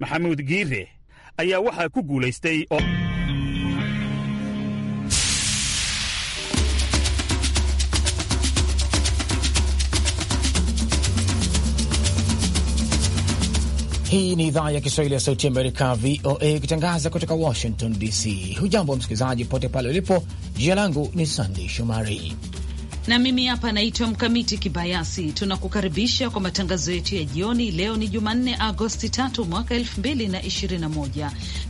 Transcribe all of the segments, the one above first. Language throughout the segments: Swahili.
maxamuud giire ayaa waxaa ku guulaystay oo Hii ni idhaa ya Kiswahili ya Sauti Amerika, VOA, ikitangaza kutoka Washington DC. Hujambo msikilizaji pote pale ulipo. Jina langu ni Sandey Shomari na mimi hapa naitwa Mkamiti Kibayasi. Tunakukaribisha kwa matangazo yetu ya jioni. Leo ni Jumanne, Agosti tatu mwaka elfu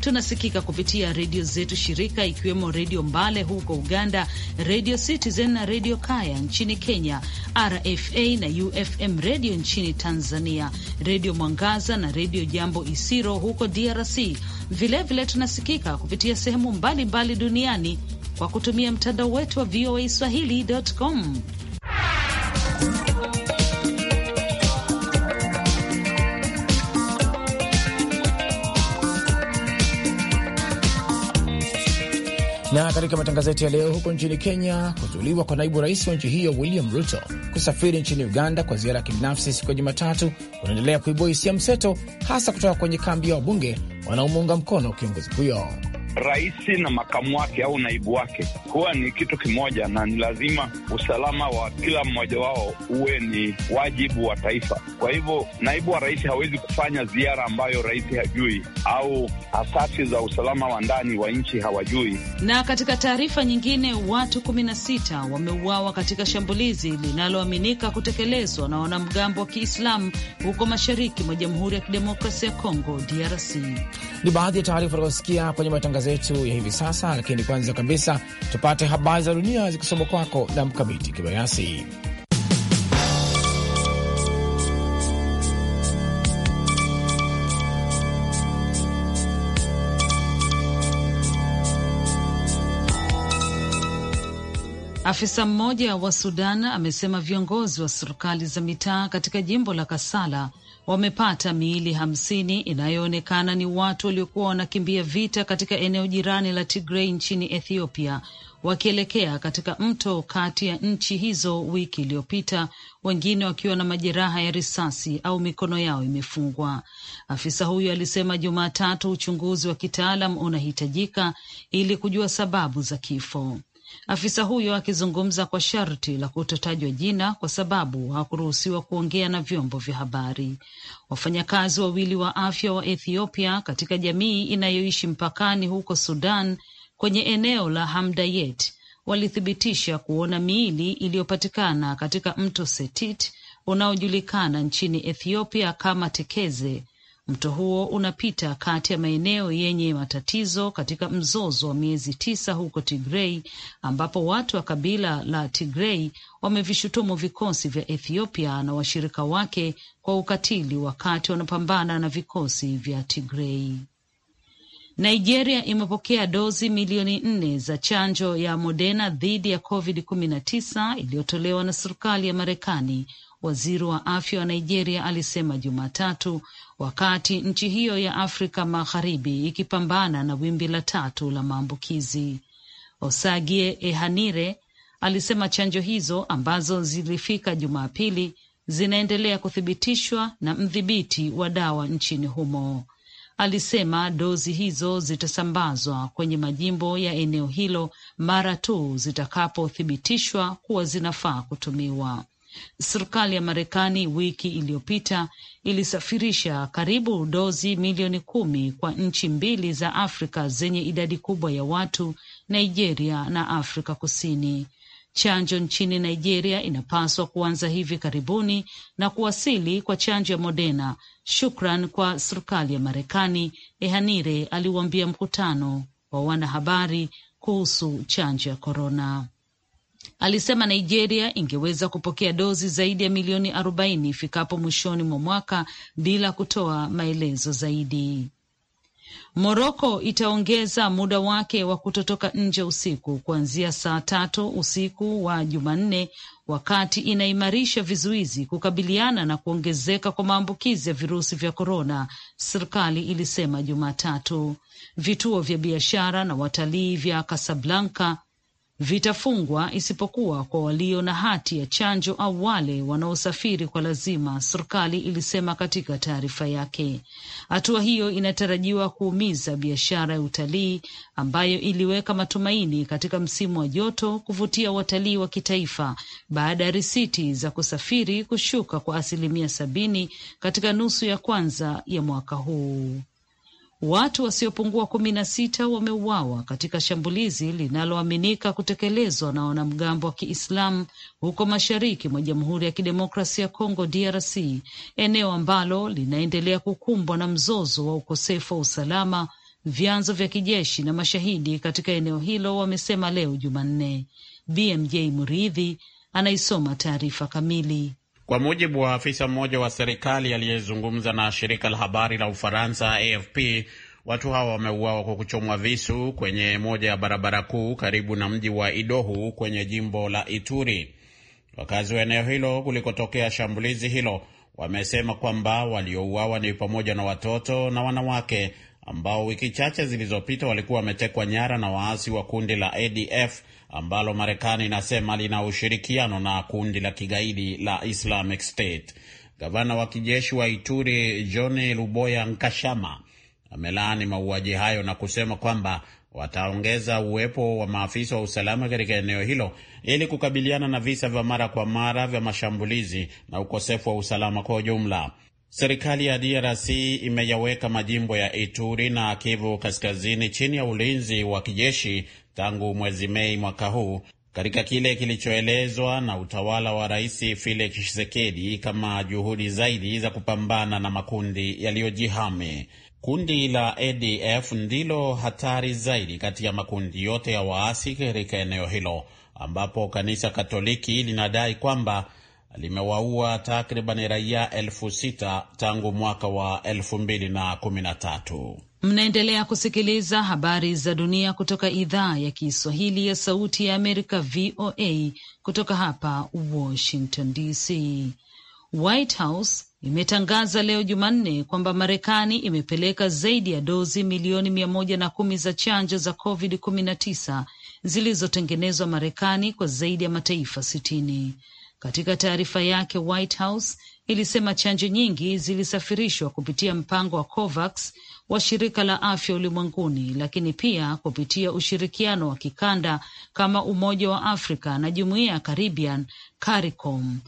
Tunasikika kupitia redio zetu shirika, ikiwemo Redio Mbale huko Uganda, Redio Citizen na Redio Kaya nchini Kenya, RFA na UFM Redio nchini Tanzania, Redio Mwangaza na Redio Jambo Isiro huko DRC. Vilevile vile tunasikika kupitia sehemu mbalimbali mbali duniani kwa kutumia mtandao wetu wa VOA Swahili.com. Na katika matangazo yetu ya leo, huko nchini Kenya, kuzuliwa kwa naibu rais wa nchi hiyo William Ruto kusafiri nchini Uganda kwa ziara ya kibinafsi siku ya Jumatatu kunaendelea kuibua hisia mseto, hasa kutoka kwenye kambi ya wabunge wanaomuunga mkono kiongozi huyo rais na makamu wake au naibu wake huwa ni kitu kimoja, na ni lazima usalama wa kila mmoja wao uwe ni wajibu wa taifa. Kwa hivyo, naibu wa rais hawezi kufanya ziara ambayo rais hajui au asasi za usalama wa ndani wa nchi hawajui. Na katika taarifa nyingine, watu sita wameuawa katika shambulizi linaloaminika kutekelezwa na wanamgambo wa Kiislamu huko mashariki mwa Jamhuri ya Kidemokrasia ya Kongo, DRC. Ni baadhi ya taarifa tunazosikia kwenye matangazo matangazo yetu ya hivi sasa, lakini kwanza kabisa tupate habari za dunia zikisoma kwako na Mkamiti Kibayasi. Afisa mmoja wa Sudan amesema viongozi wa serikali za mitaa katika jimbo la Kasala wamepata miili hamsini inayoonekana ni watu waliokuwa wanakimbia vita katika eneo jirani la tigrei nchini Ethiopia wakielekea katika mto kati ya nchi hizo wiki iliyopita, wengine wakiwa na majeraha ya risasi au mikono yao imefungwa. Afisa huyo alisema Jumatatu uchunguzi wa kitaalam unahitajika ili kujua sababu za kifo. Afisa huyo akizungumza kwa sharti la kutotajwa jina kwa sababu hakuruhusiwa kuongea na vyombo vya habari. Wafanyakazi wawili wa afya wa Ethiopia katika jamii inayoishi mpakani huko Sudan kwenye eneo la Hamdayet walithibitisha kuona miili iliyopatikana katika mto Setit unaojulikana nchini Ethiopia kama Tekeze Mto huo unapita kati ya maeneo yenye matatizo katika mzozo wa miezi tisa huko Tigrei, ambapo watu wa kabila la Tigrei wamevishutumu vikosi vya Ethiopia na washirika wake kwa ukatili wakati wanapambana na vikosi vya Tigrei. Nigeria imepokea dozi milioni nne za chanjo ya Moderna dhidi ya COVID-19 iliyotolewa na serikali ya Marekani, waziri wa afya wa Nigeria alisema Jumatatu, wakati nchi hiyo ya Afrika Magharibi ikipambana na wimbi la tatu la maambukizi. Osagie Ehanire alisema chanjo hizo ambazo zilifika Jumapili zinaendelea kuthibitishwa na mdhibiti wa dawa nchini humo. Alisema dozi hizo zitasambazwa kwenye majimbo ya eneo hilo mara tu zitakapothibitishwa kuwa zinafaa kutumiwa. Serikali ya Marekani wiki iliyopita ilisafirisha karibu dozi milioni kumi kwa nchi mbili za Afrika zenye idadi kubwa ya watu, Nigeria na Afrika Kusini. Chanjo nchini Nigeria inapaswa kuanza hivi karibuni na kuwasili kwa chanjo ya Moderna. Shukran kwa serikali ya Marekani, Ehanire aliwaambia mkutano wa wanahabari kuhusu chanjo ya korona alisema Nigeria ingeweza kupokea dozi zaidi ya milioni arobaini ifikapo mwishoni mwa mwaka bila kutoa maelezo zaidi. Moroko itaongeza muda wake wa kutotoka nje usiku kuanzia saa tatu usiku wa Jumanne, wakati inaimarisha vizuizi kukabiliana na kuongezeka kwa maambukizi ya virusi vya korona, serikali ilisema Jumatatu. Vituo vya biashara na watalii vya Kasablanka vitafungwa isipokuwa kwa walio na hati ya chanjo au wale wanaosafiri kwa lazima, serikali ilisema katika taarifa yake. Hatua hiyo inatarajiwa kuumiza biashara ya utalii ambayo iliweka matumaini katika msimu wa joto kuvutia watalii wa kitaifa baada ya risiti za kusafiri kushuka kwa asilimia sabini katika nusu ya kwanza ya mwaka huu. Watu wasiopungua kumi na sita wameuawa katika shambulizi linaloaminika kutekelezwa na wanamgambo wa Kiislamu huko mashariki mwa Jamhuri ya Kidemokrasia ya Kongo DRC, eneo ambalo linaendelea kukumbwa na mzozo wa ukosefu wa usalama. Vyanzo vya kijeshi na mashahidi katika eneo hilo wamesema leo Jumanne. BMJ Muridhi anaisoma taarifa kamili. Kwa mujibu wa afisa mmoja wa serikali aliyezungumza na shirika la habari la Ufaransa AFP, watu hawa wameuawa kwa kuchomwa visu kwenye moja ya barabara kuu karibu na mji wa Idohu kwenye jimbo la Ituri. Wakazi wa eneo hilo kulikotokea shambulizi hilo wamesema kwamba waliouawa ni pamoja na watoto na wanawake ambao wiki chache zilizopita walikuwa wametekwa nyara na waasi wa kundi la ADF ambalo Marekani inasema lina ushirikiano na kundi la kigaidi la Islamic State. Gavana wa kijeshi wa Ituri johni Luboya Nkashama amelaani mauaji hayo na kusema kwamba wataongeza uwepo wa maafisa wa usalama katika eneo hilo ili kukabiliana na visa vya mara kwa mara vya mashambulizi na ukosefu wa usalama kwa ujumla. Serikali ya DRC imeyaweka majimbo ya Ituri na Kivu Kaskazini chini ya ulinzi wa kijeshi tangu mwezi Mei mwaka huu katika kile kilichoelezwa na utawala wa Rais Felix Tshisekedi kama juhudi zaidi za kupambana na makundi yaliyojihami. Kundi la ADF ndilo hatari zaidi kati ya makundi yote ya waasi katika eneo hilo ambapo kanisa Katoliki linadai kwamba limewaua takriban raia elfu sita tangu mwaka wa elfu mbili na kumi na tatu. Mnaendelea kusikiliza habari za dunia kutoka idhaa ya Kiswahili ya Sauti ya Amerika, VOA, kutoka hapa Washington DC. White House imetangaza leo Jumanne kwamba Marekani imepeleka zaidi ya dozi milioni mia moja na kumi za chanjo za COVID-19 zilizotengenezwa Marekani kwa zaidi ya mataifa sitini. Katika taarifa yake, White House ilisema chanjo nyingi zilisafirishwa kupitia mpango wa COVAX wa shirika la afya ulimwenguni, lakini pia kupitia ushirikiano wa kikanda kama Umoja wa Afrika na Jumuiya ya Caribbean CARICOM.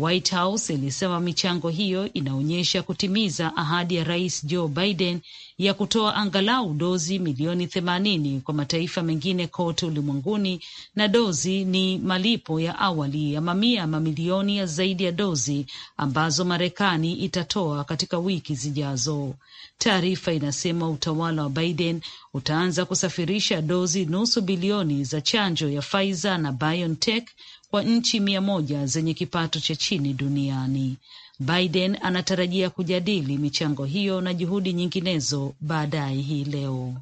White House ilisema michango hiyo inaonyesha kutimiza ahadi ya Rais Joe Biden ya kutoa angalau dozi milioni themanini kwa mataifa mengine kote ulimwenguni, na dozi ni malipo ya awali ya mamia mamilioni ya zaidi ya dozi ambazo Marekani itatoa katika wiki zijazo. Taarifa inasema utawala wa Biden utaanza kusafirisha dozi nusu bilioni za chanjo ya Pfizer na BioNTech kwa nchi mia moja zenye kipato cha chini duniani. Biden anatarajia kujadili michango hiyo na juhudi nyinginezo baadaye hii leo.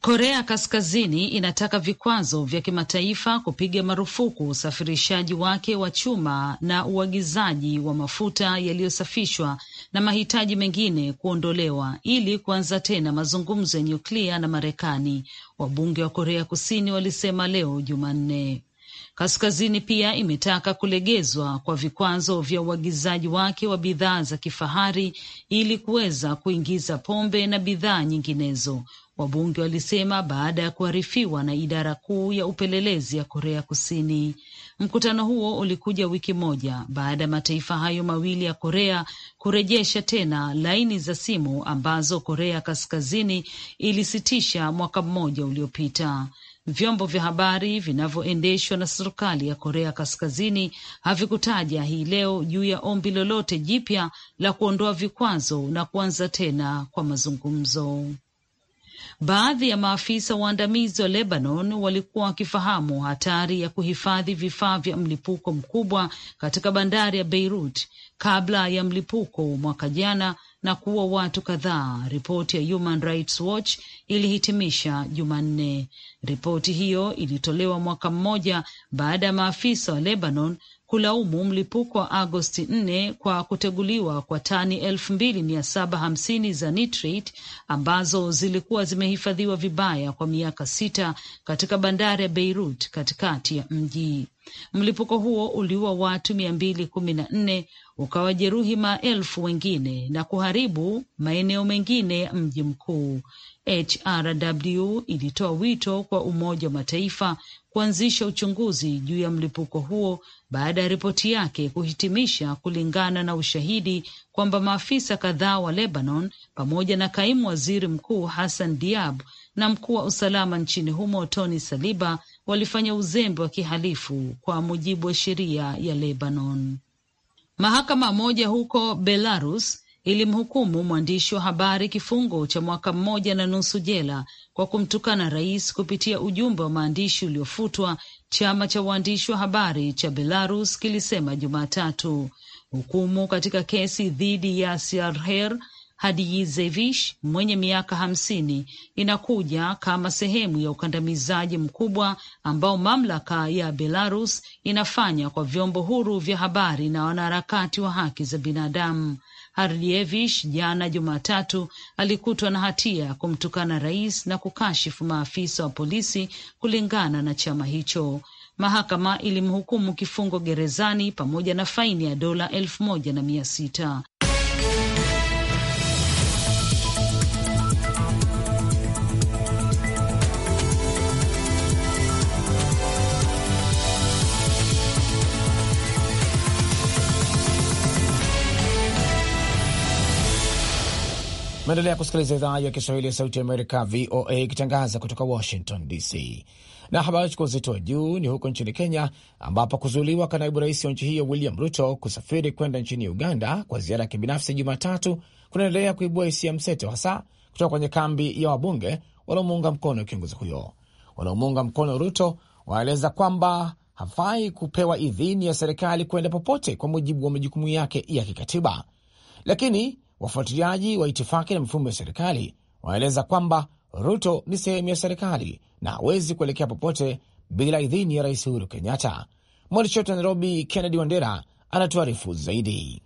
Korea Kaskazini inataka vikwazo vya kimataifa kupiga marufuku usafirishaji wake wa chuma na uagizaji wa mafuta yaliyosafishwa na mahitaji mengine kuondolewa ili kuanza tena mazungumzo ya nyuklia na Marekani, wabunge wa Korea Kusini walisema leo Jumanne. Kaskazini pia imetaka kulegezwa kwa vikwazo vya uagizaji wake wa bidhaa za kifahari ili kuweza kuingiza pombe na bidhaa nyinginezo, wabunge walisema baada ya kuarifiwa na idara kuu ya upelelezi ya Korea Kusini. Mkutano huo ulikuja wiki moja baada ya mataifa hayo mawili ya Korea kurejesha tena laini za simu ambazo Korea Kaskazini ilisitisha mwaka mmoja uliopita. Vyombo vya habari vinavyoendeshwa na serikali ya Korea Kaskazini havikutaja hii leo juu ya ombi lolote jipya la kuondoa vikwazo na kuanza tena kwa mazungumzo. Baadhi ya maafisa waandamizi wa Lebanon walikuwa wakifahamu hatari ya kuhifadhi vifaa vya mlipuko mkubwa katika bandari ya Beirut kabla ya mlipuko mwaka jana na kuua watu kadhaa, ripoti ya Human Rights Watch ilihitimisha Jumanne. Ripoti hiyo ilitolewa mwaka mmoja baada ya maafisa wa Lebanon kulaumu mlipuko wa Agosti 4 kwa kuteguliwa kwa tani 2750 za nitrate ambazo zilikuwa zimehifadhiwa vibaya kwa miaka sita katika bandari ya Beirut katikati ya mji. Mlipuko huo uliua watu mia mbili kumi na nne ukawajeruhi maelfu wengine na kuharibu maeneo mengine ya mji mkuu. HRW ilitoa wito kwa Umoja wa Mataifa kuanzisha uchunguzi juu ya mlipuko huo baada ya ripoti yake kuhitimisha kulingana na ushahidi kwamba maafisa kadhaa wa Lebanon pamoja na kaimu waziri mkuu Hassan Diab na mkuu wa usalama nchini humo Tony Saliba walifanya uzembe wa kihalifu kwa mujibu wa sheria ya Lebanon. Mahakama moja huko Belarus ilimhukumu mwandishi wa habari kifungo cha mwaka mmoja na nusu jela kwa kumtukana rais kupitia ujumbe wa maandishi uliofutwa. Chama cha waandishi wa habari cha Belarus kilisema Jumatatu. Hukumu katika kesi dhidi ya Siarher, Hadiyevesh mwenye miaka hamsini inakuja kama sehemu ya ukandamizaji mkubwa ambao mamlaka ya Belarus inafanya kwa vyombo huru vya habari na wanaharakati wa haki za binadamu. Hardievish jana Jumatatu alikutwa na hatia ya kumtukana rais na kukashifu maafisa wa polisi kulingana na chama hicho. Mahakama ilimhukumu kifungo gerezani pamoja na faini ya dola elfu moja na mia sita. Unaendelea kusikiliza idhaa ya Kiswahili ya Sauti ya Amerika, VOA, ikitangaza kutoka Washington DC. Na habari chukua uzito wa juu ni huko nchini Kenya, ambapo kuzuiliwa kwa naibu rais wa nchi hiyo William Ruto kusafiri kwenda nchini Uganda kwa ziara ya kibinafsi Jumatatu kunaendelea kuibua hisia mseto, hasa kutoka kwenye kambi ya wabunge wanaomuunga mkono kiongozi huyo. Wanaomuunga mkono Ruto waeleza kwamba hafai kupewa idhini ya serikali kwenda popote kwa mujibu wa majukumu yake ya kikatiba, lakini Wafuatiliaji wa itifaki na mifumo ya serikali wanaeleza kwamba Ruto ni sehemu ya serikali na hawezi kuelekea popote bila idhini ya Rais Uhuru Kenyatta. Mwandishi wetu wa Nairobi, Kennedy Wandera, anatuarifu zaidi.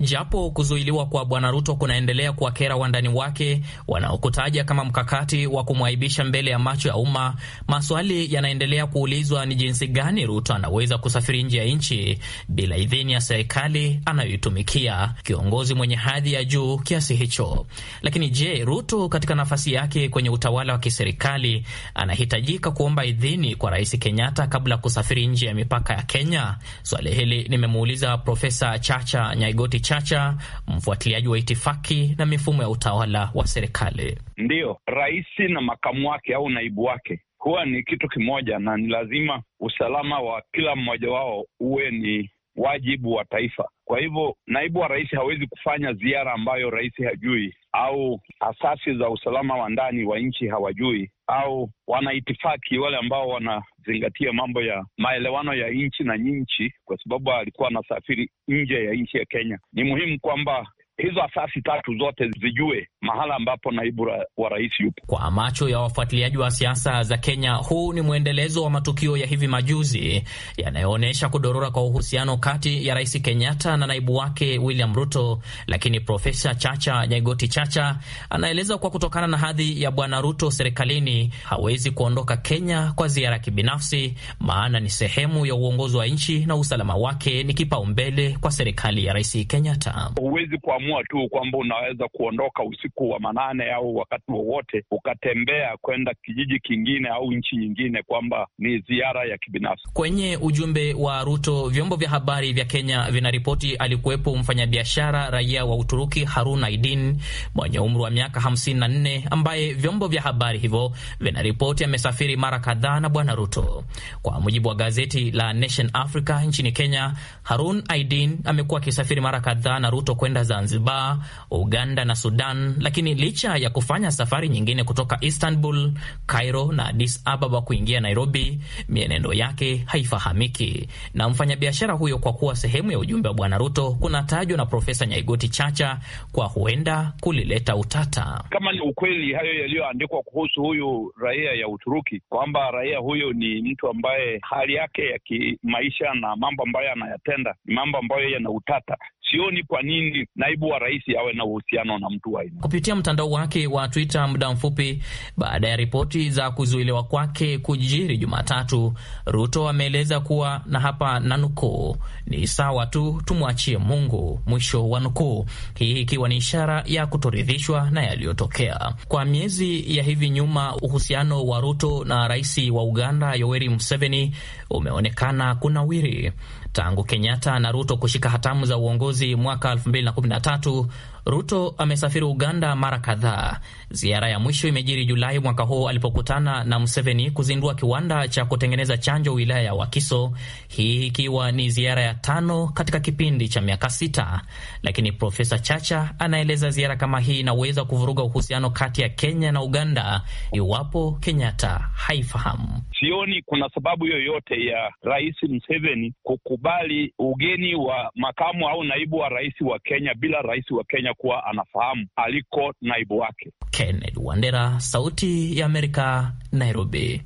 Japo kuzuiliwa kwa Bwana Ruto kunaendelea kuwakera wandani wake wanaokutaja kama mkakati wa kumwaibisha mbele ya macho ya umma, maswali yanaendelea kuulizwa ni jinsi gani Ruto anaweza kusafiri nje ya nchi bila idhini ya serikali anayoitumikia, kiongozi mwenye hadhi ya juu kiasi hicho. Lakini je, Ruto katika nafasi yake kwenye utawala wa kiserikali anahitajika kuomba idhini kwa Rais Kenyatta kabla ya kusafiri nje ya mipaka ya Kenya? Swali hili nimemuuliza Profesa Chacha Nyaigoti Chacha, mfuatiliaji wa itifaki na mifumo ya utawala wa serikali. Ndiyo, rais na makamu wake au naibu wake huwa ni kitu kimoja, na ni lazima usalama wa kila mmoja wao uwe ni wajibu wa taifa. Kwa hivyo, naibu wa rais hawezi kufanya ziara ambayo rais hajui au asasi za usalama wa ndani wa nchi hawajui au wanaitifaki wale ambao wanazingatia mambo ya maelewano ya nchi na nchi, kwa sababu alikuwa anasafiri nje ya nchi ya Kenya. Ni muhimu kwamba hizo asasi tatu zote zijue mahala ambapo naibu wa rais yupo. Kwa macho ya wafuatiliaji wa siasa za Kenya, huu ni mwendelezo wa matukio ya hivi majuzi yanayoonyesha kudorora kwa uhusiano kati ya Rais Kenyatta na naibu wake William Ruto. Lakini Profesa Chacha Nyaigoti Chacha anaeleza kuwa kutokana na hadhi ya Bwana Ruto serikalini hawezi kuondoka Kenya kwa ziara kibinafsi, maana ni sehemu ya uongozi wa nchi na usalama wake ni kipaumbele kwa serikali ya Rais Kenyatta. Huwezi kwa ukaamua tu kwamba unaweza kuondoka usiku wa manane au wakati wowote ukatembea kwenda kijiji kingine au nchi nyingine, kwamba ni ziara ya kibinafsi. Kwenye ujumbe wa Ruto, vyombo vya habari vya Kenya vinaripoti alikuwepo mfanyabiashara raia wa Uturuki Harun Aidin mwenye umri wa miaka 54 ambaye vyombo vya habari hivyo vinaripoti amesafiri mara kadhaa na Bwana Ruto. Kwa mujibu wa gazeti la Nation Africa nchini Kenya, Harun Aidin amekuwa akisafiri mara kadhaa na Ruto kwenda Zanzibar. Zanzibar, Uganda na Sudan, lakini licha ya kufanya safari nyingine kutoka Istanbul, Cairo na Addis Ababa kuingia Nairobi, mienendo yake haifahamiki na mfanyabiashara huyo, kwa kuwa sehemu ya ujumbe wa Bwana Ruto kunatajwa na Profesa Nyaigoti Chacha kwa huenda kulileta utata. Kama ni ukweli hayo yaliyoandikwa kuhusu huyu raia ya Uturuki kwamba raia huyo ni mtu ambaye hali yake ya kimaisha na mambo ambayo anayatenda ni mambo ambayo yana utata, sioni kwa nini naibu wa rais awe na uhusiano na mtu wa aina. Kupitia mtandao wake wa Twitter muda mfupi baada ya ripoti za kuzuiliwa kwake kujiri Jumatatu, Ruto ameeleza kuwa na hapa na nukuu, ni sawa tu, tumwachie Mungu, mwisho wa nukuu. Hii ikiwa ni ishara ya kutoridhishwa na yaliyotokea. Kwa miezi ya hivi nyuma, uhusiano wa Ruto na rais wa Uganda Yoweri Museveni umeonekana kunawiri. Tangu Kenyatta na Ruto kushika hatamu za uongozi mwaka 2013 Ruto amesafiri Uganda mara kadhaa. Ziara ya mwisho imejiri Julai mwaka huu alipokutana na Museveni kuzindua kiwanda cha kutengeneza chanjo wilaya ya Wakiso, hii ikiwa ni ziara ya tano katika kipindi cha miaka sita. Lakini Profesa Chacha anaeleza ziara kama hii inaweza kuvuruga uhusiano kati ya Kenya na Uganda iwapo Kenyatta haifahamu. Sioni kuna sababu yoyote ya Rais Museveni kukubali ugeni wa makamu au naibu wa rais wa Kenya bila rais wa Kenya kuonya kuwa anafahamu aliko naibu wake. Kennedy Wandera, Sauti ya Amerika, Nairobi.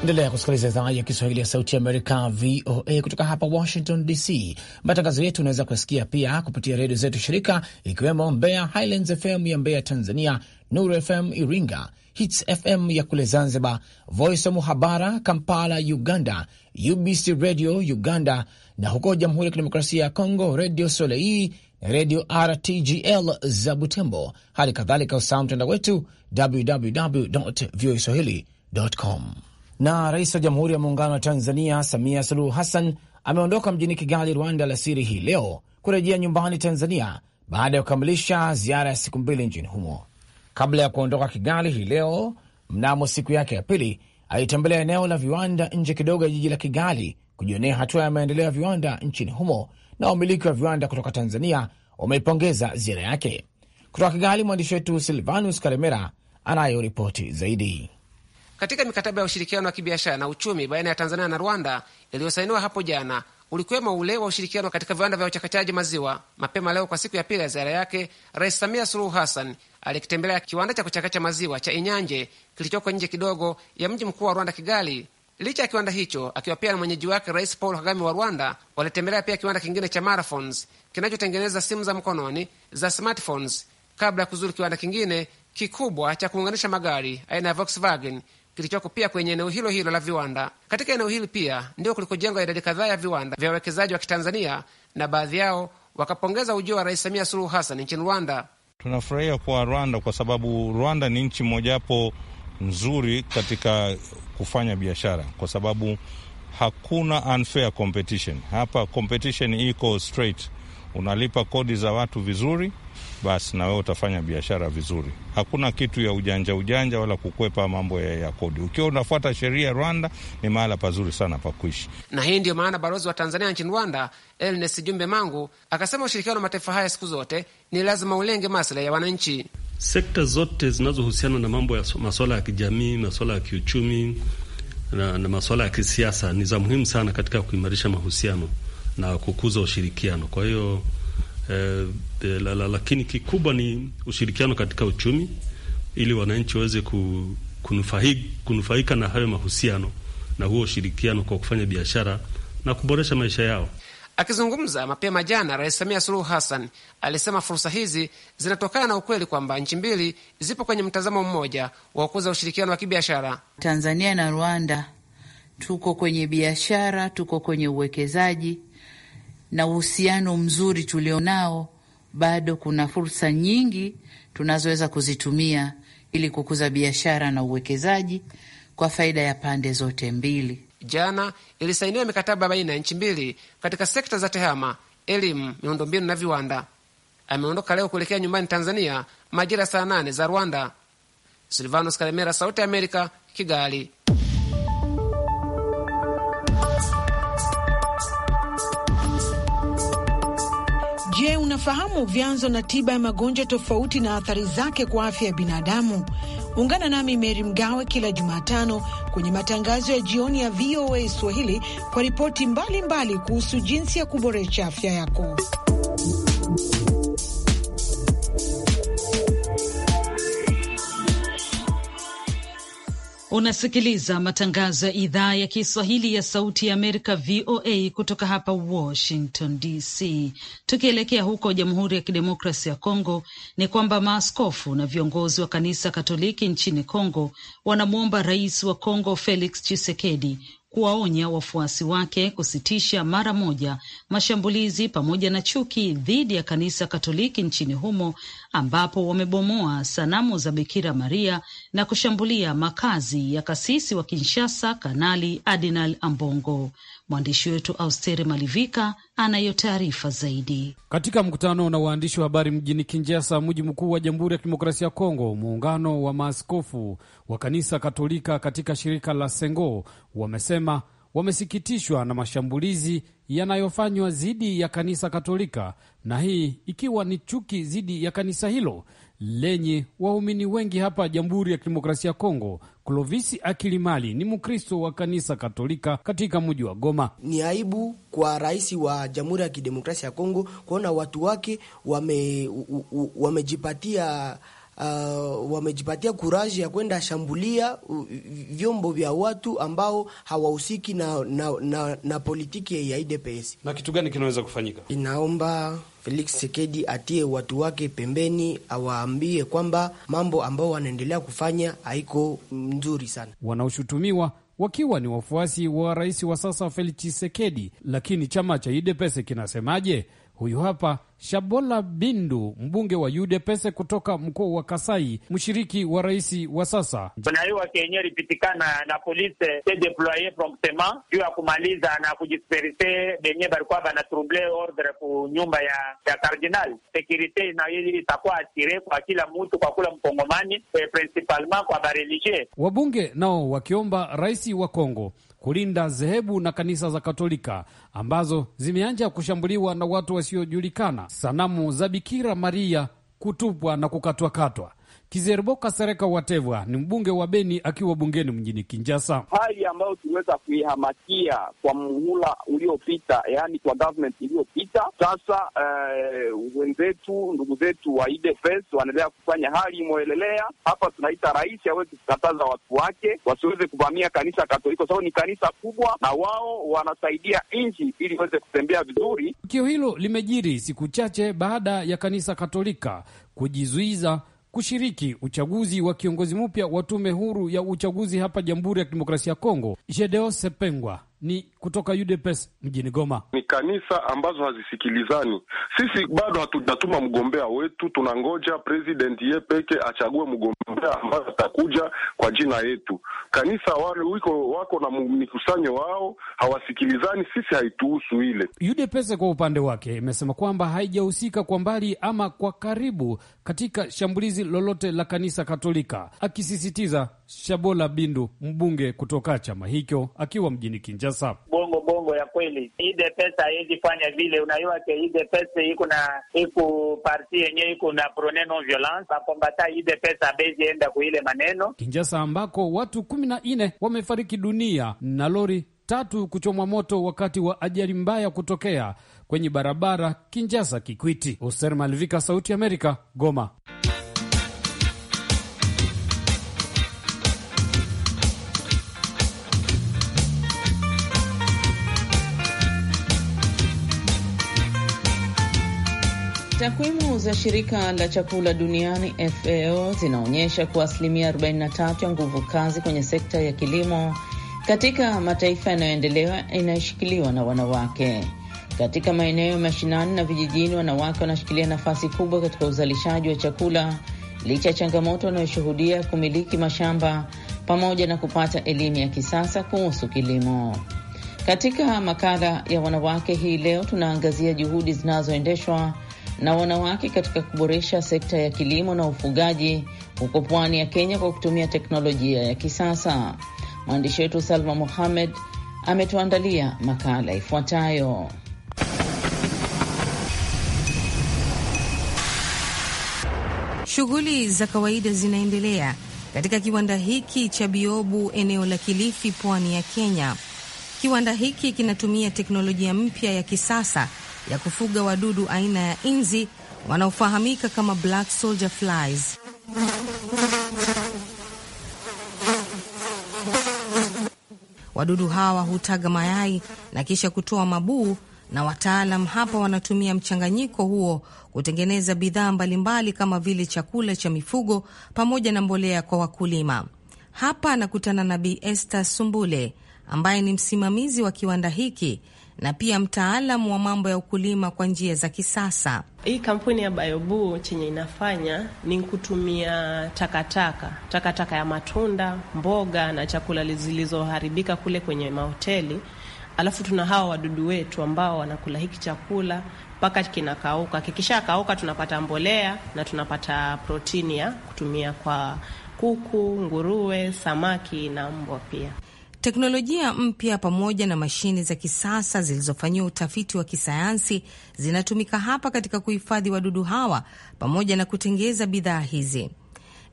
Endelea kusikiliza idhaa ya Kiswahili ya Sauti ya Amerika, VOA, kutoka hapa Washington DC. Matangazo yetu unaweza kuyasikia pia kupitia redio zetu shirika, ikiwemo Mbeya Highlands FM ya Mbeya Tanzania, Nuru FM Iringa, Hits FM ya kule Zanzibar, Voice of Muhabara Kampala Uganda, UBC Radio Uganda, na huko Jamhuri ya Kidemokrasia ya Kongo, Redio Solei na Redio RTGL za Butembo, hali kadhalika usaa mtandao wetu www voa swahili com. Na rais wa Jamhuri ya Muungano wa Tanzania Samia Suluhu Hassan ameondoka mjini Kigali, Rwanda alasiri hii leo kurejea nyumbani Tanzania baada ya kukamilisha ziara ya siku mbili nchini humo. Kabla ya kuondoka Kigali hii leo, mnamo siku yake ya pili alitembelea eneo la viwanda nje kidogo ya jiji la Kigali kujionea hatua ya maendeleo ya viwanda nchini humo, na wamiliki wa viwanda kutoka Tanzania wameipongeza ziara yake. Kutoka Kigali, mwandishi wetu Silvanus Karemera anayo ripoti zaidi. Katika mikataba ya ushirikiano wa kibiashara na uchumi baina ya Tanzania na Rwanda iliyosainiwa hapo jana ulikuwemo ule wa ushirikiano katika viwanda vya uchakachaji maziwa. Mapema leo kwa siku ya pili ya ziara yake, Rais Samia Suluhu Hassan alikitembelea kiwanda cha kuchakacha maziwa cha Inyanje kilichoko nje kidogo ya mji mkuu wa Rwanda, Kigali. Licha ya kiwanda hicho, akiwa pia na mwenyeji wake Rais Paul Kagame wa Rwanda, walitembelea pia kiwanda kingine cha Marathons kinachotengeneza simu za mkononi za smartphones, kabla ya kuzuru kiwanda kingine kikubwa cha kuunganisha magari aina ya Volkswagen kilichoko pia kwenye eneo hilo hilo la viwanda. Katika eneo hili pia ndio kulikojengwa idadi kadhaa ya viwanda vya wawekezaji wa Kitanzania, na baadhi yao wakapongeza ujio wa Rais Samia Suluhu Hassan nchini Rwanda. Tunafurahia kuwa Rwanda kwa sababu Rwanda ni nchi mojawapo nzuri katika kufanya biashara kwa sababu hakuna unfair competition hapa. Competition iko straight, unalipa kodi za watu vizuri basi na wewe utafanya biashara vizuri. Hakuna kitu ya ujanja ujanja wala kukwepa mambo ya, ya kodi. Ukiwa unafuata sheria ya Rwanda ni mahala pazuri sana pa kuishi, na hii ndiyo maana balozi wa Tanzania nchini Rwanda Elnes Jumbe Mangu akasema ushirikiano wa mataifa haya siku zote ni lazima ulenge maslahi ya wananchi. Sekta zote zinazohusiana na mambo ya masuala ya kijamii, masuala ya kiuchumi na, na masuala ya kisiasa ni za muhimu sana katika kuimarisha mahusiano na kukuza ushirikiano. Kwa hiyo Eh, eh, la, la, lakini kikubwa ni ushirikiano katika uchumi ili wananchi waweze ku, kunufahi, kunufaika na hayo mahusiano na huo ushirikiano kwa kufanya biashara na kuboresha maisha yao. Akizungumza mapema jana, Rais Samia Suluhu Hassan alisema fursa hizi zinatokana na ukweli kwamba nchi mbili zipo kwenye mtazamo mmoja wa kukuza ushirikiano wa kibiashara. Tanzania na Rwanda tuko kwenye biashara, tuko kwenye uwekezaji na uhusiano mzuri tulionao, bado kuna fursa nyingi tunazoweza kuzitumia ili kukuza biashara na uwekezaji kwa faida ya pande zote mbili. Jana ilisainiwa mikataba baina ya nchi mbili katika sekta za tehama, elimu, miundombinu na viwanda. Ameondoka leo kuelekea nyumbani Tanzania majira saa nane za Rwanda. Silvanos Kalemera, Sauti ya Amerika, Kigali. Je, unafahamu vyanzo na tiba ya magonjwa tofauti na athari zake kwa afya ya binadamu? Ungana nami Meri Mgawe kila Jumatano kwenye matangazo ya jioni ya VOA Swahili kwa ripoti mbalimbali kuhusu jinsi ya kuboresha afya yako. Unasikiliza matangazo ya idhaa ya Kiswahili ya Sauti ya Amerika, VOA, kutoka hapa Washington DC. Tukielekea huko Jamhuri ya Kidemokrasi ya Kongo, ni kwamba maaskofu na viongozi wa kanisa Katoliki nchini Kongo wanamwomba rais wa Kongo Felix Tshisekedi kuwaonya wafuasi wake kusitisha mara moja mashambulizi pamoja na chuki dhidi ya kanisa Katoliki nchini humo ambapo wamebomoa sanamu za Bikira Maria na kushambulia makazi ya kasisi wa Kinshasa Kanali Adinal Ambongo. Mwandishi wetu Austeri Malivika anayo taarifa zaidi. Katika mkutano na waandishi wa habari mjini kinjasa mji mkuu wa Jamhuri ya Kidemokrasia ya Kongo, muungano wa maaskofu wa kanisa Katolika katika shirika la Sengo wamesema wamesikitishwa na mashambulizi yanayofanywa dhidi ya kanisa Katolika, na hii ikiwa ni chuki dhidi ya kanisa hilo lenye waumini wengi hapa Jamhuri ya Kidemokrasia ya Kongo. Klovisi Akilimali ni Mkristo wa kanisa Katolika katika mji wa Goma. Ni aibu kwa rais wa Jamhuri ya Kidemokrasia ya Kongo kuona watu wake wamejipatia wame uh, wamejipatia kuraji ya kwenda shambulia vyombo vya watu ambao hawahusiki na, na, na, na politiki ya IDPS. Na kitu gani kinaweza kufanyika? Inaomba Felix Sekedi atie watu wake pembeni, awaambie kwamba mambo ambao wanaendelea kufanya haiko nzuri sana. Wanaoshutumiwa wakiwa ni wafuasi wa rais wa sasa Felix Tshisekedi, lakini chama cha UDPS kinasemaje? Huyu hapa Shabola Bindu, mbunge wa UDPS kutoka mkoa wa Kasai, mshiriki wa rais wa sasa. Tunaiwa kenye lipitikana na polisi se deploye promptement juu ya kumaliza na kujisperise benye balikuwa banatrouble ordre ku nyumba ya ya kardinal. Sekurite na ili itakuwa atire kwa kila mutu kwa kula mkongomani eh, principalement kwa barelige. Wabunge nao wakiomba rais wa Kongo kulinda dhehebu na kanisa za Katolika ambazo zimeanza kushambuliwa na watu wasiojulikana, sanamu za Bikira Maria kutupwa na kukatwakatwa. Kizerboka Sereka Watevwa ni mbunge wa Beni akiwa bungeni mjini Kinjasa. Hali ambayo tuliweza kuihamakia kwa muhula uliopita, yaani kwa government iliyopita, sasa eh, wenzetu ndugu zetu wa IDFS wanaendelea kufanya hali imoelelea hapa. Tunaita rais aweze kukataza watu wake wasiweze kuvamia kanisa Katoliki kwa sababu ni kanisa kubwa, na wao wanasaidia nchi ili iweze kutembea vizuri. Tukio hilo limejiri siku chache baada ya kanisa Katolika kujizuiza kushiriki uchaguzi wa kiongozi mpya wa tume huru ya uchaguzi hapa Jamhuri ya Kidemokrasia ya Kongo. Jedeo Sepengwa ni kutoka UDPS mjini Goma. Ni kanisa ambazo hazisikilizani. Sisi bado hatujatuma mgombea wetu, tunangoja president ye peke achague mgombea ambayo atakuja kwa jina yetu. Kanisa wale wiko wako na mikusanyo wao, hawasikilizani. Sisi haituhusu ile. UDPS kwa upande wake imesema kwamba haijahusika kwa mbali ama kwa karibu katika shambulizi lolote la kanisa Katolika, akisisitiza Shabola Bindu, mbunge kutoka chama hicho, akiwa mjini Kinjasa. Bongo bongo ya kweli, ide pesa haiwezi fanya vile. Unajua ke ide pesa iko na iko parti yenyewe iko na prone non violence akombata ide pesa abezi enda kuile maneno. Kinjasa, ambako watu kumi na nne wamefariki dunia na lori tatu kuchomwa moto wakati wa ajali mbaya kutokea kwenye barabara Kinjasa Kikwiti. Hoser Malivika, Sauti Amerika, Goma. Takwimu za shirika la chakula duniani FAO zinaonyesha kuwa asilimia 43 ya nguvu kazi kwenye sekta ya kilimo katika mataifa yanayoendelewa inayoshikiliwa na wanawake. Katika maeneo ya mashinani na vijijini, wanawake wanashikilia nafasi kubwa katika uzalishaji wa chakula licha ya changamoto wanayoshuhudia kumiliki mashamba pamoja na kupata elimu ya kisasa kuhusu kilimo. Katika makala ya wanawake hii leo, tunaangazia juhudi zinazoendeshwa na wanawake katika kuboresha sekta ya kilimo na ufugaji huko pwani ya Kenya kwa kutumia teknolojia ya kisasa. Mwandishi wetu Salma Mohamed ametuandalia makala ifuatayo. Shughuli za kawaida zinaendelea katika kiwanda hiki cha Biobu, eneo la Kilifi, pwani ya Kenya. Kiwanda hiki kinatumia teknolojia mpya ya kisasa ya kufuga wadudu aina ya inzi wanaofahamika kama black soldier flies. Wadudu hawa hutaga mayai na kisha kutoa mabuu na wataalam hapa wanatumia mchanganyiko huo kutengeneza bidhaa mbalimbali kama vile chakula cha mifugo pamoja na mbolea kwa wakulima. Hapa anakutana na Bi Esther Sumbule ambaye ni msimamizi wa kiwanda hiki na pia mtaalamu wa mambo ya ukulima kwa njia za kisasa. Hii kampuni ya Biobu chenye inafanya ni kutumia takataka, takataka ya matunda, mboga na chakula zilizoharibika kule kwenye mahoteli alafu tuna hawa wadudu wetu ambao wanakula hiki chakula mpaka kinakauka. kikisha kauka tunapata mbolea na tunapata protini ya kutumia kwa kuku, nguruwe, samaki na mbwa pia. Teknolojia mpya pamoja na mashine za kisasa zilizofanyiwa utafiti wa kisayansi zinatumika hapa katika kuhifadhi wadudu hawa pamoja na kutengeza bidhaa hizi.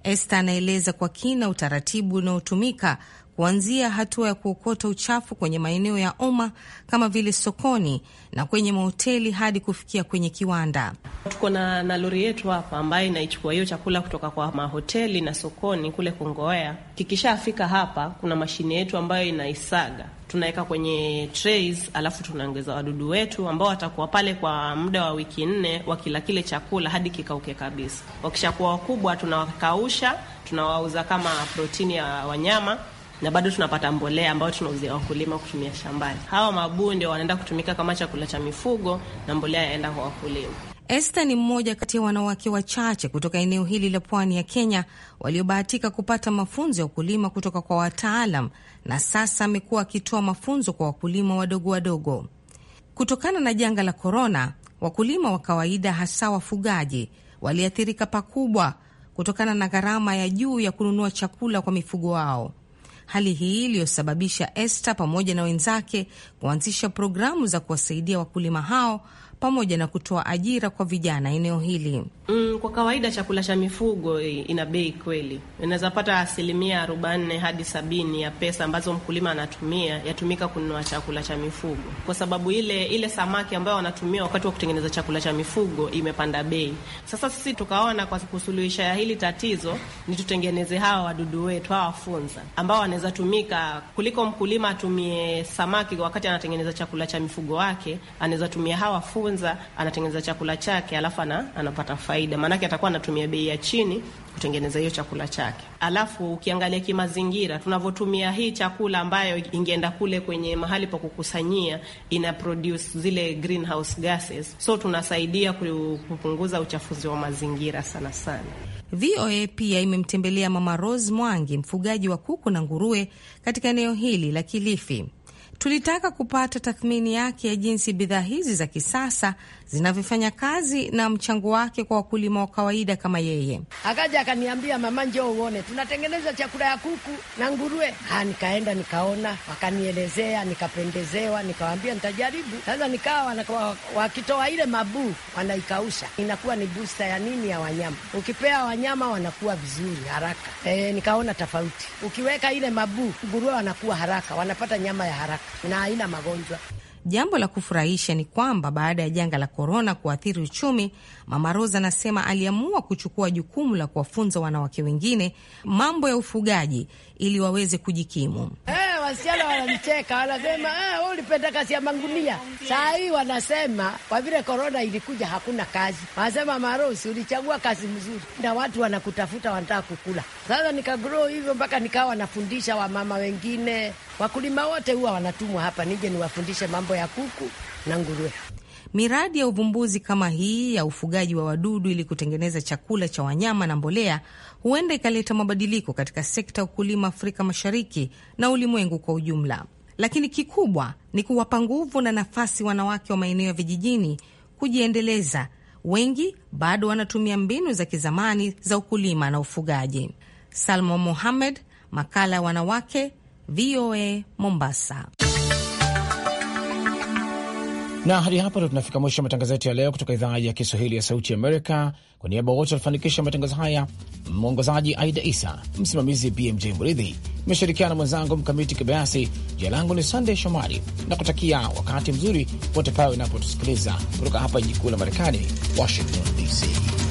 Esta anaeleza kwa kina utaratibu unaotumika kuanzia hatua ya kuokota uchafu kwenye maeneo ya umma kama vile sokoni na kwenye mahoteli hadi kufikia kwenye kiwanda. Tuko na, na lori yetu hapa ambayo inaichukua hiyo chakula kutoka kwa mahoteli na sokoni kule Kongowea. Kikishafika hapa, kuna mashine yetu ambayo inaisaga tunaweka kwenye trays, alafu tunaongeza wadudu wetu ambao watakuwa pale kwa muda wa wiki nne wakila kile chakula hadi kikauke kabisa. Wakishakuwa wakubwa tunawakausha, tunawauza kama protini ya wanyama na bado tunapata mbolea ambayo tunauzia wakulima kutumia shambani. Hawa mabuu ndio wanaenda kutumika kama chakula cha mifugo na mbolea yaenda kwa wakulima. Esther ni mmoja kati ya wanawake wachache kutoka eneo hili la pwani ya Kenya waliobahatika kupata mafunzo ya ukulima kutoka kwa wataalam, na sasa amekuwa akitoa mafunzo kwa wakulima wadogo wadogo. Kutokana na janga la korona, wakulima wa kawaida, hasa wafugaji, waliathirika pakubwa kutokana na gharama ya juu ya kununua chakula kwa mifugo wao hali hii iliyosababisha Esther pamoja na wenzake kuanzisha programu za kuwasaidia wakulima hao pamoja na kutoa ajira kwa vijana eneo hili. Mm, kwa kawaida chakula cha mifugo ina bei kweli, inaweza pata asilimia arobaini hadi sabini ya pesa ambazo mkulima anatumia yatumika kununua chakula cha mifugo, kwa sababu ile ile samaki ambayo wanatumia wakati wa kutengeneza chakula cha mifugo imepanda bei. Sasa sisi tukaona kwa kusuluhisha hili tatizo ni tutengeneze hawa wadudu wetu hawa funza ambao wanaweza tumika kuliko mkulima atumie samaki wakati anatengeneza chakula cha mifugo wake, anaweza tumia hawa funza anajifunza, anatengeneza chakula chake, alafu ana, anapata faida, maanake atakuwa anatumia bei ya chini kutengeneza hiyo chakula chake. Alafu ukiangalia kimazingira, tunavyotumia hii chakula ambayo ingeenda kule kwenye mahali pa kukusanyia, ina produce zile greenhouse gases, so tunasaidia kupunguza uchafuzi wa mazingira sana sana. VOA pia imemtembelea Mama Rose Mwangi, mfugaji wa kuku na nguruwe katika eneo hili la Kilifi. Tulitaka kupata tathmini yake ya jinsi bidhaa hizi za kisasa zinavyofanya kazi na mchango wake kwa wakulima wa kawaida kama yeye. Akaja akaniambia, mama, njoo uone, tunatengeneza chakula ya kuku na nguruwe. Ha, ah, nikaenda nikaona, wakanielezea, nikapendezewa, nikawaambia nitajaribu. Sasa nikawa wakitoa ile mabuu wanaikausha, inakuwa ni busta ya nini ya wanyama. Ukipea wanyama wanakuwa vizuri haraka. E, nikaona tofauti. Ukiweka ile mabuu, nguruwe wanakuwa haraka, wanapata nyama ya haraka na haina magonjwa. Jambo la kufurahisha ni kwamba baada ya janga la korona kuathiri uchumi, Mama Rosa anasema aliamua kuchukua jukumu la kuwafunza wanawake wengine mambo ya ufugaji ili waweze kujikimu. Hey! wasichana wanamcheka, wanasema ah, wewe ulipenda kazi ya mangunia. Saa hii wanasema kwa vile korona ilikuja hakuna kazi, wanasema Marosi, ulichagua kazi mzuri na watu wanakutafuta, wanataka kukula. Sasa nikagrow hivyo mpaka nikawa nafundisha wamama wengine. Wakulima wote huwa wanatumwa hapa nije niwafundishe mambo ya kuku na nguruwe. Miradi ya uvumbuzi kama hii ya ufugaji wa wadudu ili kutengeneza chakula cha wanyama na mbolea huenda ikaleta mabadiliko katika sekta ya ukulima Afrika Mashariki na ulimwengu kwa ujumla, lakini kikubwa ni kuwapa nguvu na nafasi wanawake wa maeneo ya vijijini kujiendeleza. Wengi bado wanatumia mbinu za kizamani za ukulima na ufugaji. Salma Mohamed, makala ya wanawake, VOA Mombasa na hadi hapa ndo tunafika mwisho matangazo yetu ya leo kutoka idhaa ya Kiswahili ya Sauti Amerika. Kwa niaba wote walifanikisha matangazo haya, mwongozaji Aida Isa, msimamizi BMJ Mridhi, imeshirikiana mwenzangu Mkamiti Kibayasi. Jina langu ni Sandey Shomari na kutakia wakati mzuri pote pale unapotusikiliza kutoka hapa jiji kuu la Marekani, Washington DC.